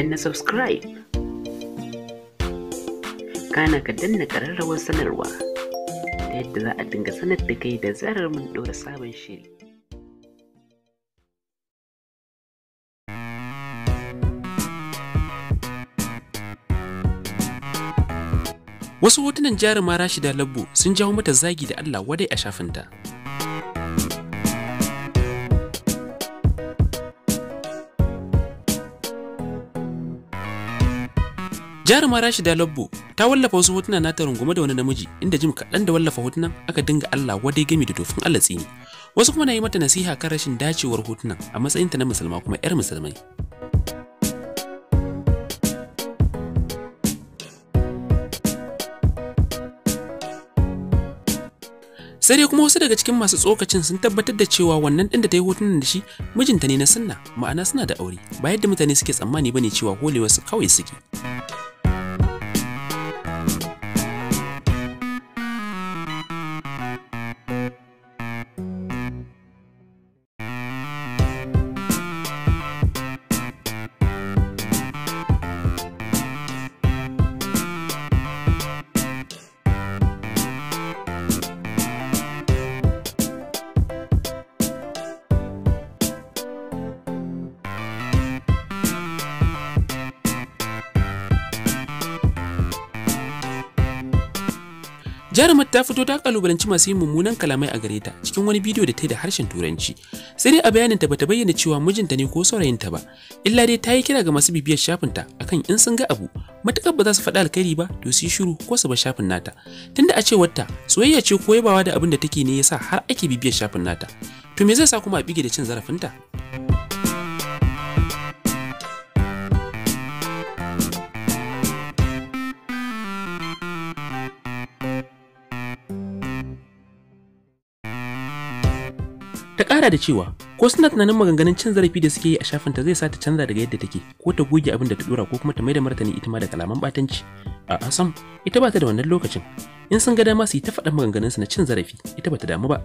danna subscribe kana ka danna ƙararrawar sanarwa ta yadda za a dinga sanar da kai da zarar mun ɗora sabon shiri wasu hotunan jaruma rashida labbo sun jawo mata zagi da allah wadai a shafinta Jaruma da Lobbo ta wallafa wasu hotuna na ta rungume da wani namiji inda jim kaɗan da wallafa hotunan aka dinga Allah wadai gami da tofin Allah tsini. Wasu kuma na yi mata nasiha kan rashin dacewar hotunan a matsayin ta na musulma kuma 'yar musulmai. sai dai kuma wasu daga cikin masu tsokacin sun tabbatar da cewa wannan ɗin da ta yi hotunan da shi mijinta ne na sunna ma'ana suna da aure ba yadda mutane suke tsammani bane cewa holewarsu kawai suke. Jarumar ta fito ta kalubalanci masu yin mummunan kalamai a gare ta cikin wani bidiyo da ta yi da harshen Turanci. Sai dai a bayanin ta bata bayyana cewa mijinta ne ko ta ba. Illa dai ta yi kira ga masu bibiyar shafin ta akan in sun ga abu matakar ba za su faɗa alkhairi ba to su yi shiru ko su ba shafin nata. Tunda a cewar ta soyayya ce ko yabawa da abin da take ne yasa har ake bibiyar shafin nata. To me zai sa kuma a bige da cin zarafinta? Ta kara da cewa, ko suna tunanin maganganun cin zarafi da suke yi a shafinta zai sa ta canza daga yadda take, ko ta goge abin da ta dora ko kuma ta maida martani ita ma da kalaman batanci. A asam, ita ba ta da wannan lokacin. In sun ga dama su yi ta faɗa su na cin zarafi, ita ba ta damu ba.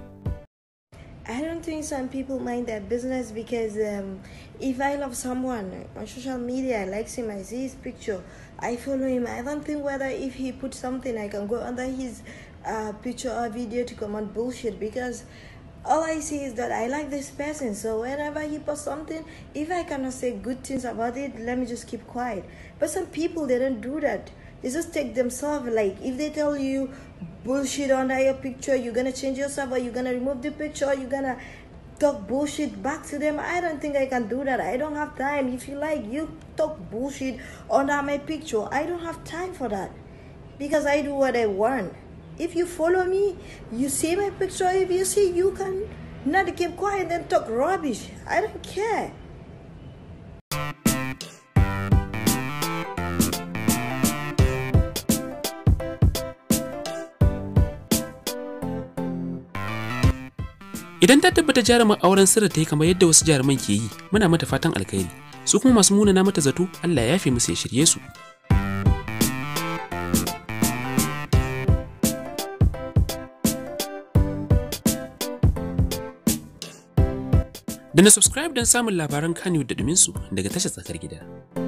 I don't think some people mind their business because um, if I love someone uh, on social media, I like him, I see his picture, I follow him. I don't think whether if he put something, I can go under his uh, picture or video to comment bullshit because all I see is that I like this person. So whenever he posts something, if I cannot say good things about it, let me just keep quiet. But some people they don't do that. They just take themselves like if they tell you bullshit under your picture, you're gonna change yourself or you're gonna remove the picture, you're gonna talk bullshit back to them. I don't think I can do that. I don't have time. If you like, you talk bullshit under my picture. I don't have time for that. Because I do what I want. if you follow me, you see my picture, if you see, you can not keep quiet and talk rubbish. I don't care. Idan ta tabbata jarumin auren sirri ta yi kamar yadda wasu jaruman ke yi, muna mata fatan alkhairi. Su kuma masu muna na mata zato, Allah ya fi musu ya shirye su. Da na subscribe don samun labaran Kano da ɗuminsu daga tashar tsakar gida.